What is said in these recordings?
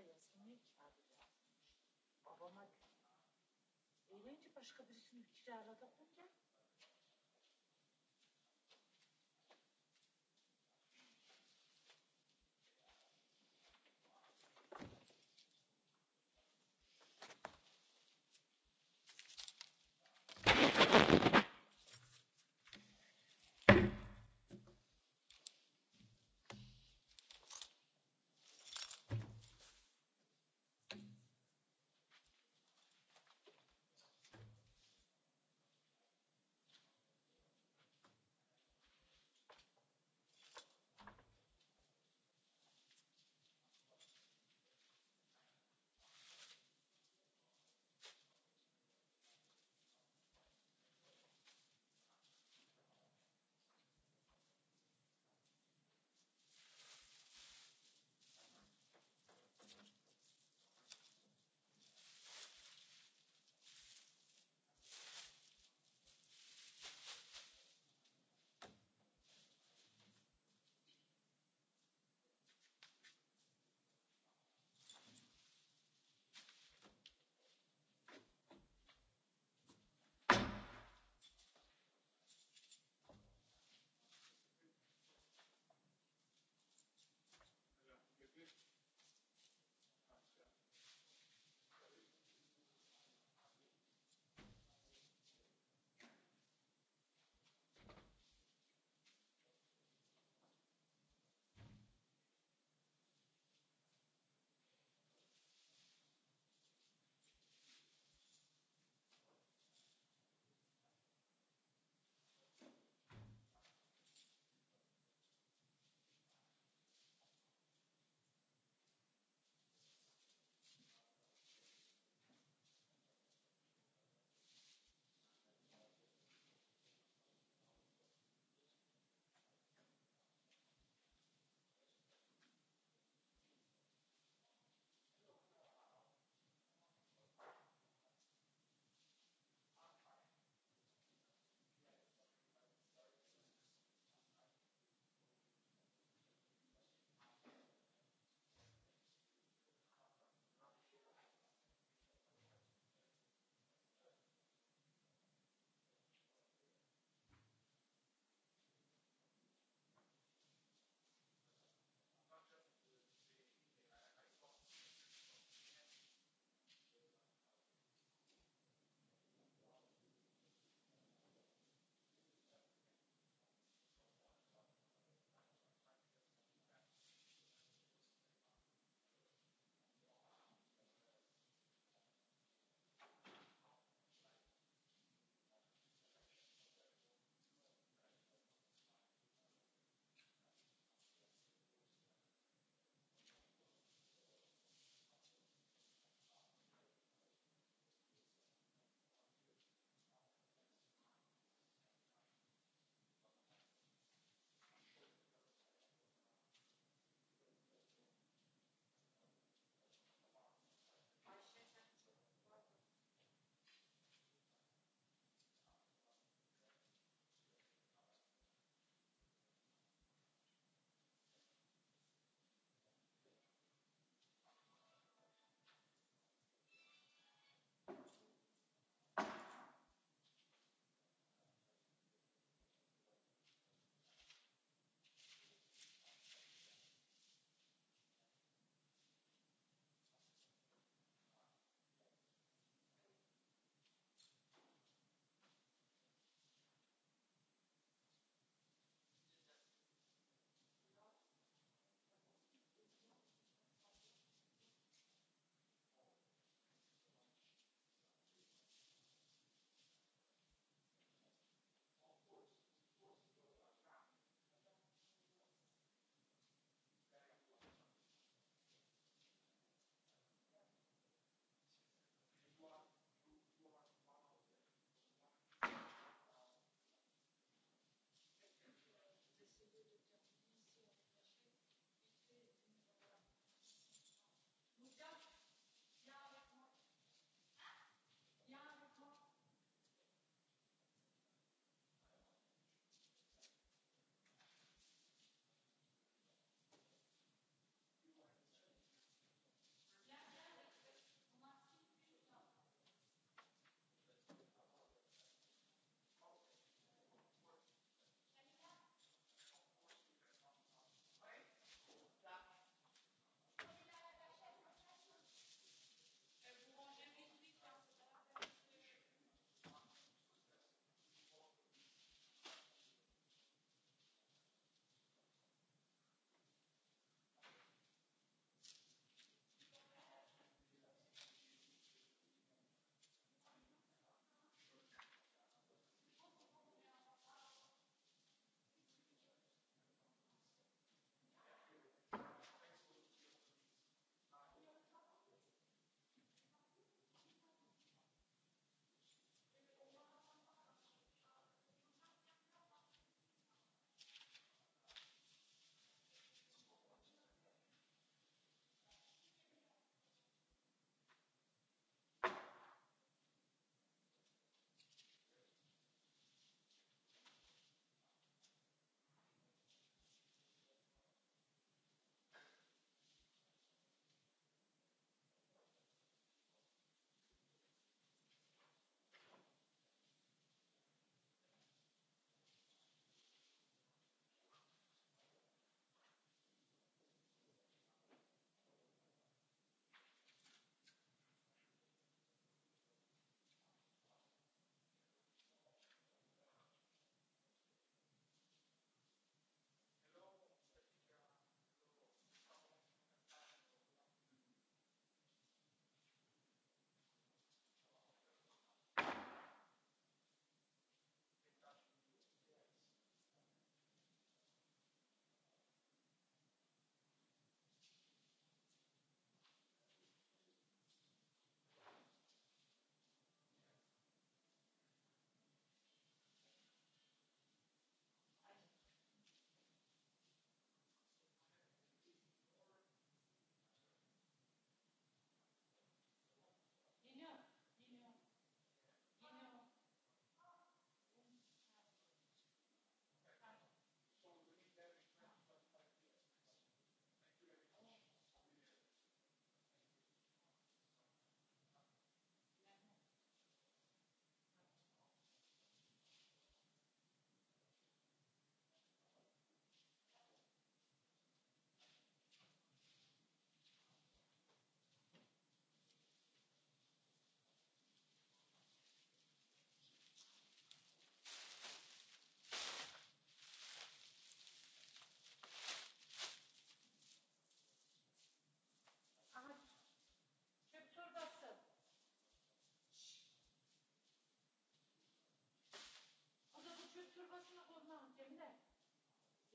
hikayesini çaldı. Babama dedi. Eğlence bașka birisinin kiralada kurdu.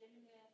termine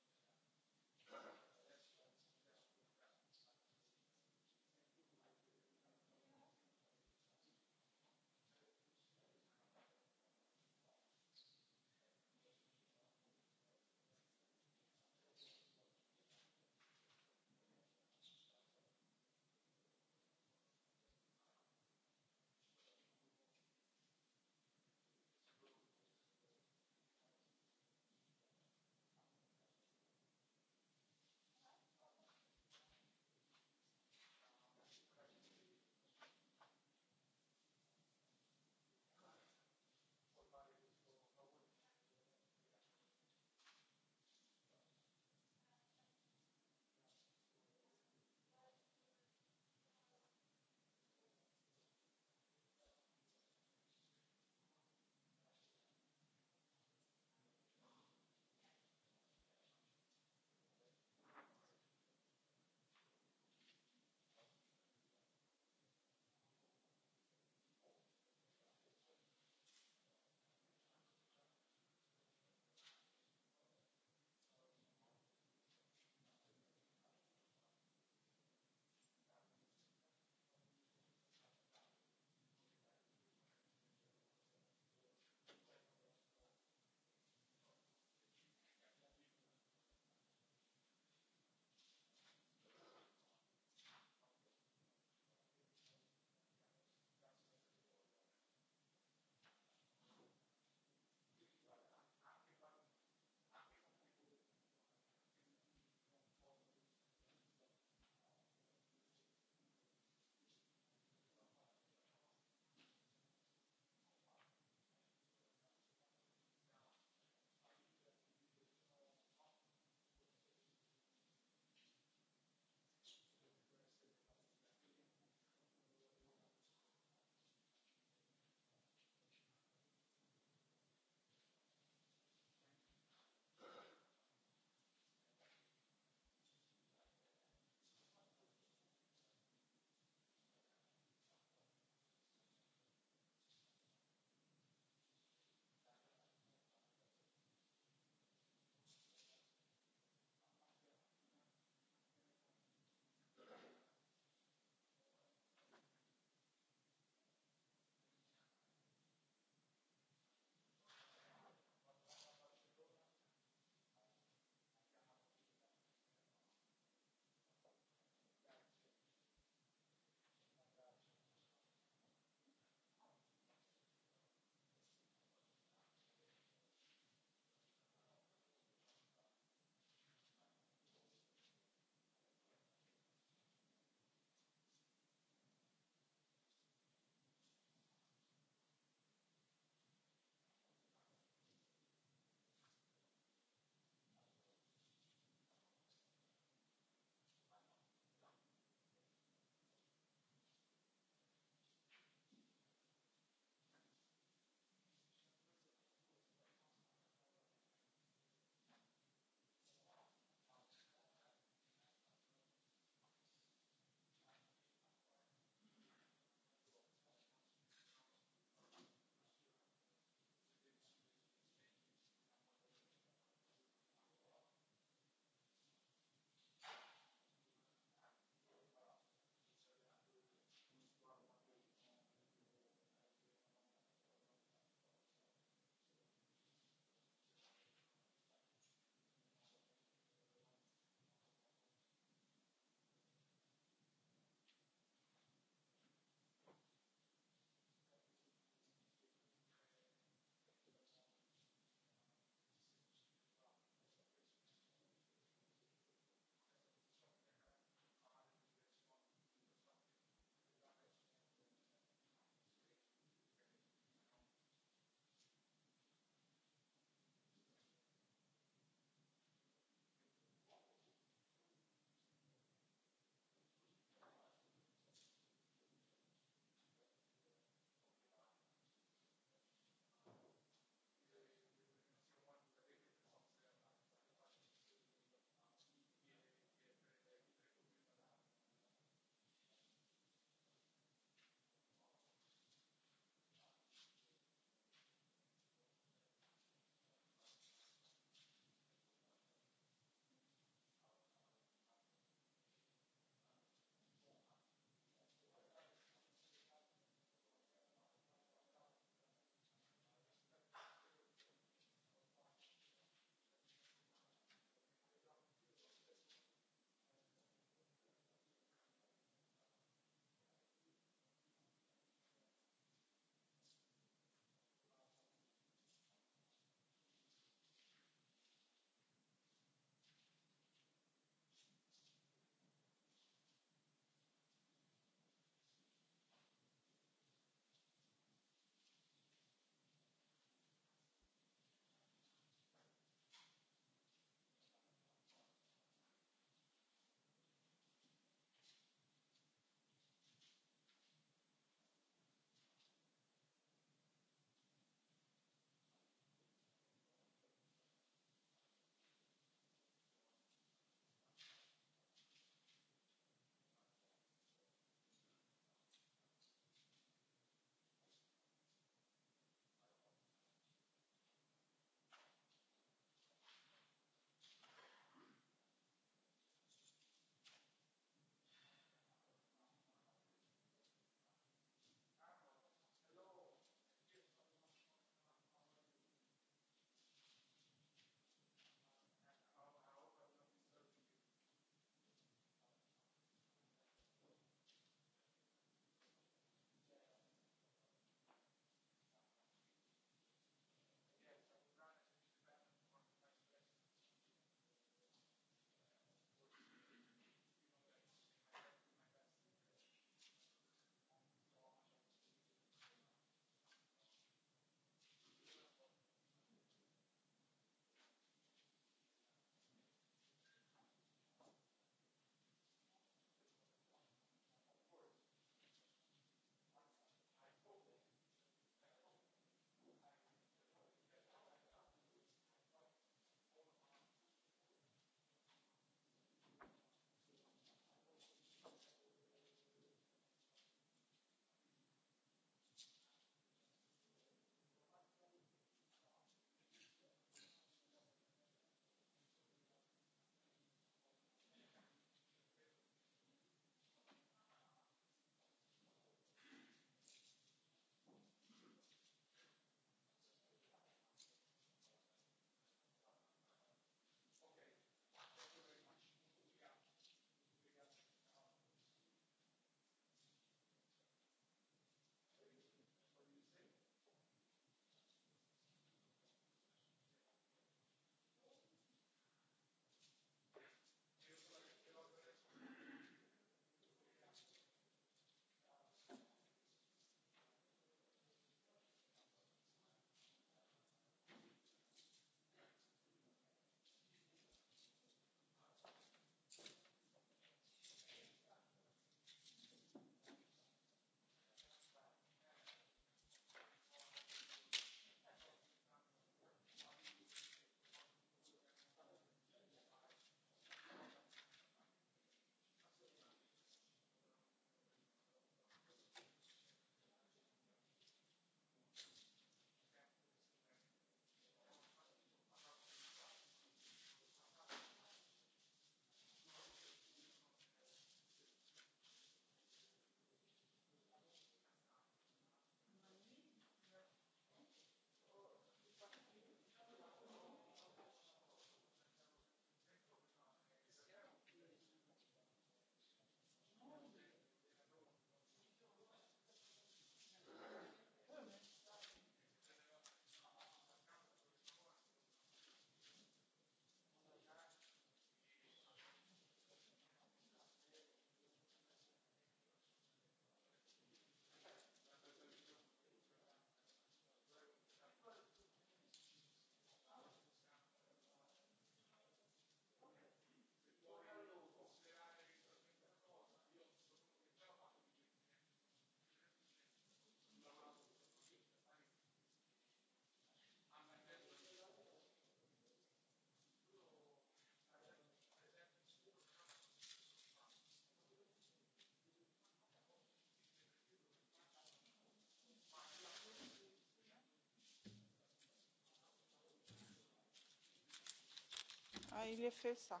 il est fait ça.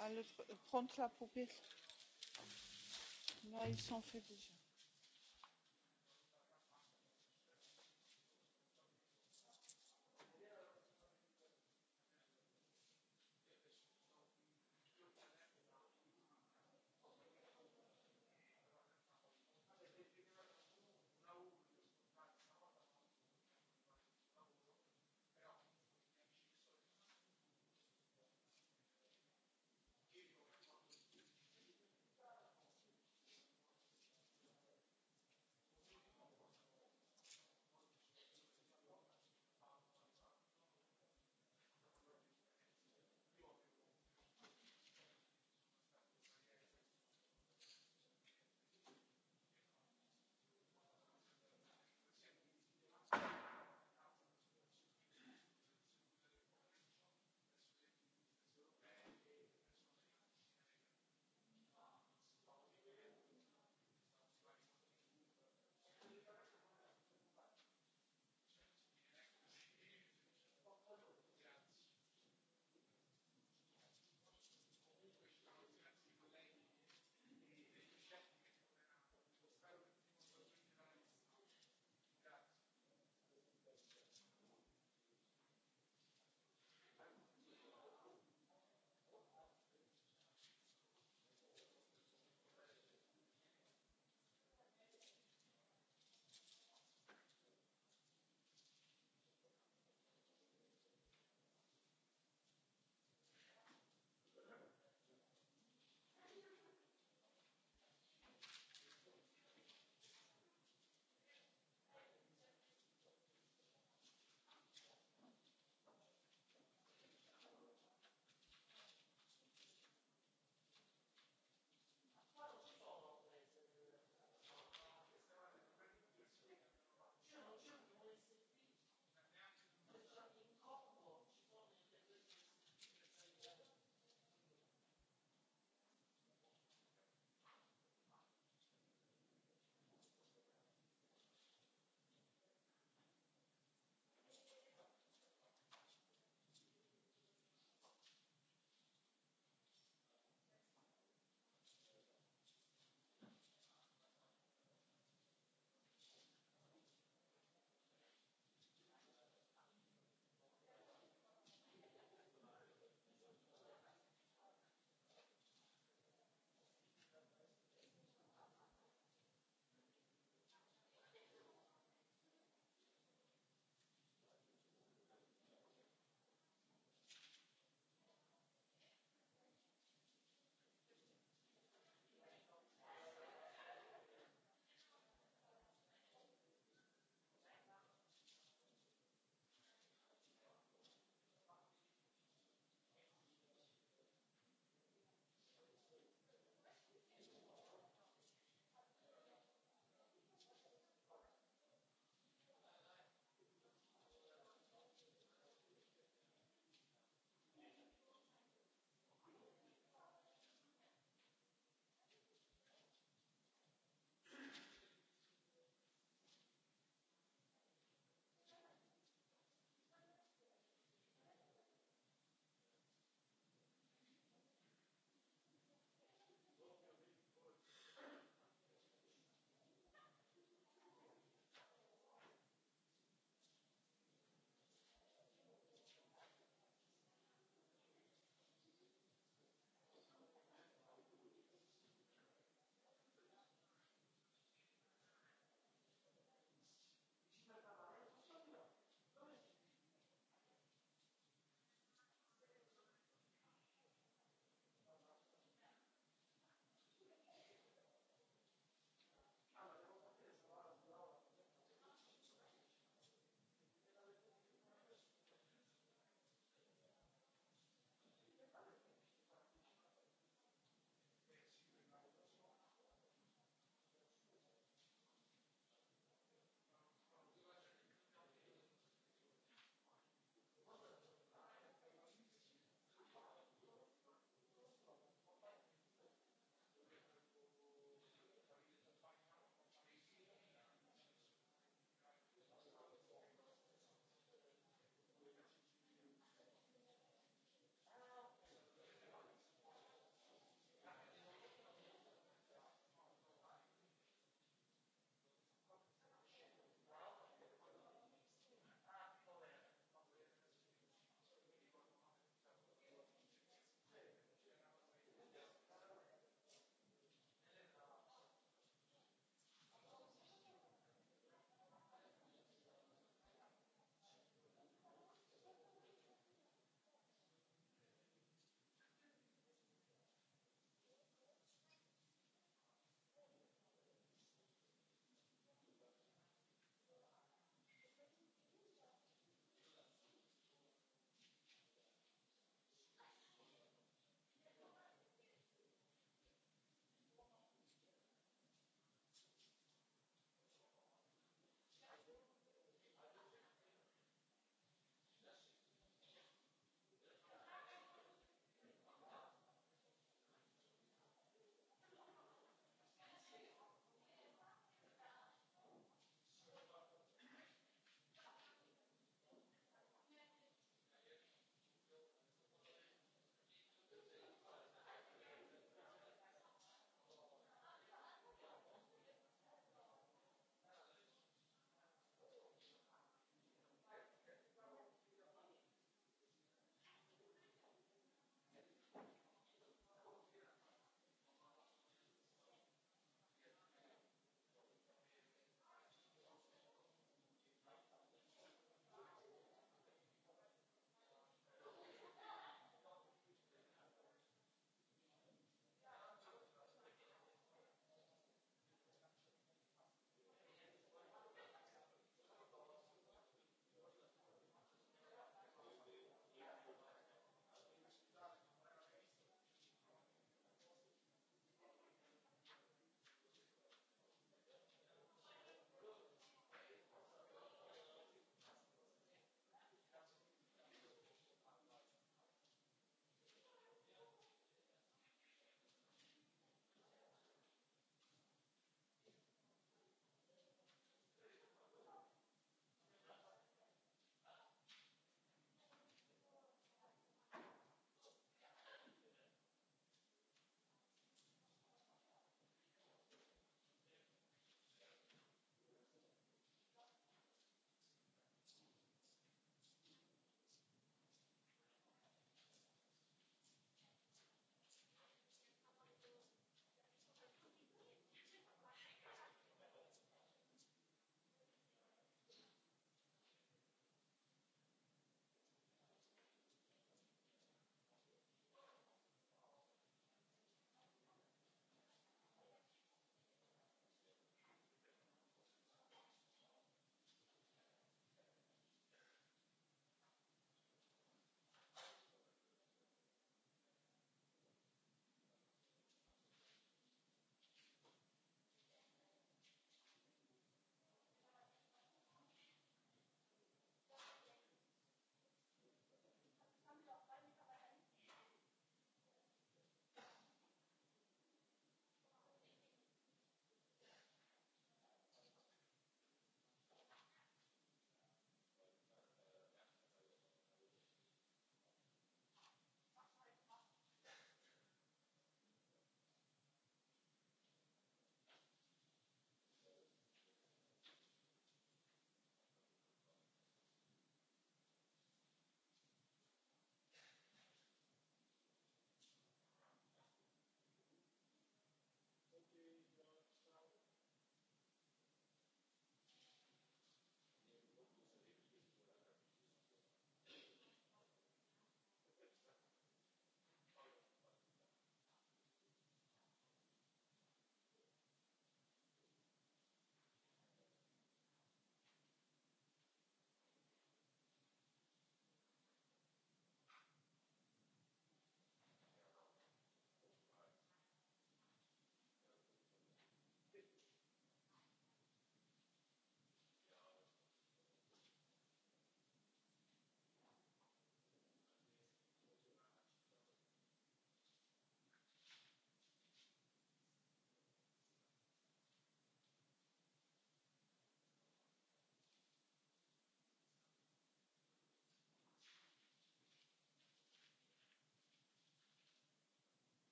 Allez, de la poubelle. Là, ils sont faits déjà.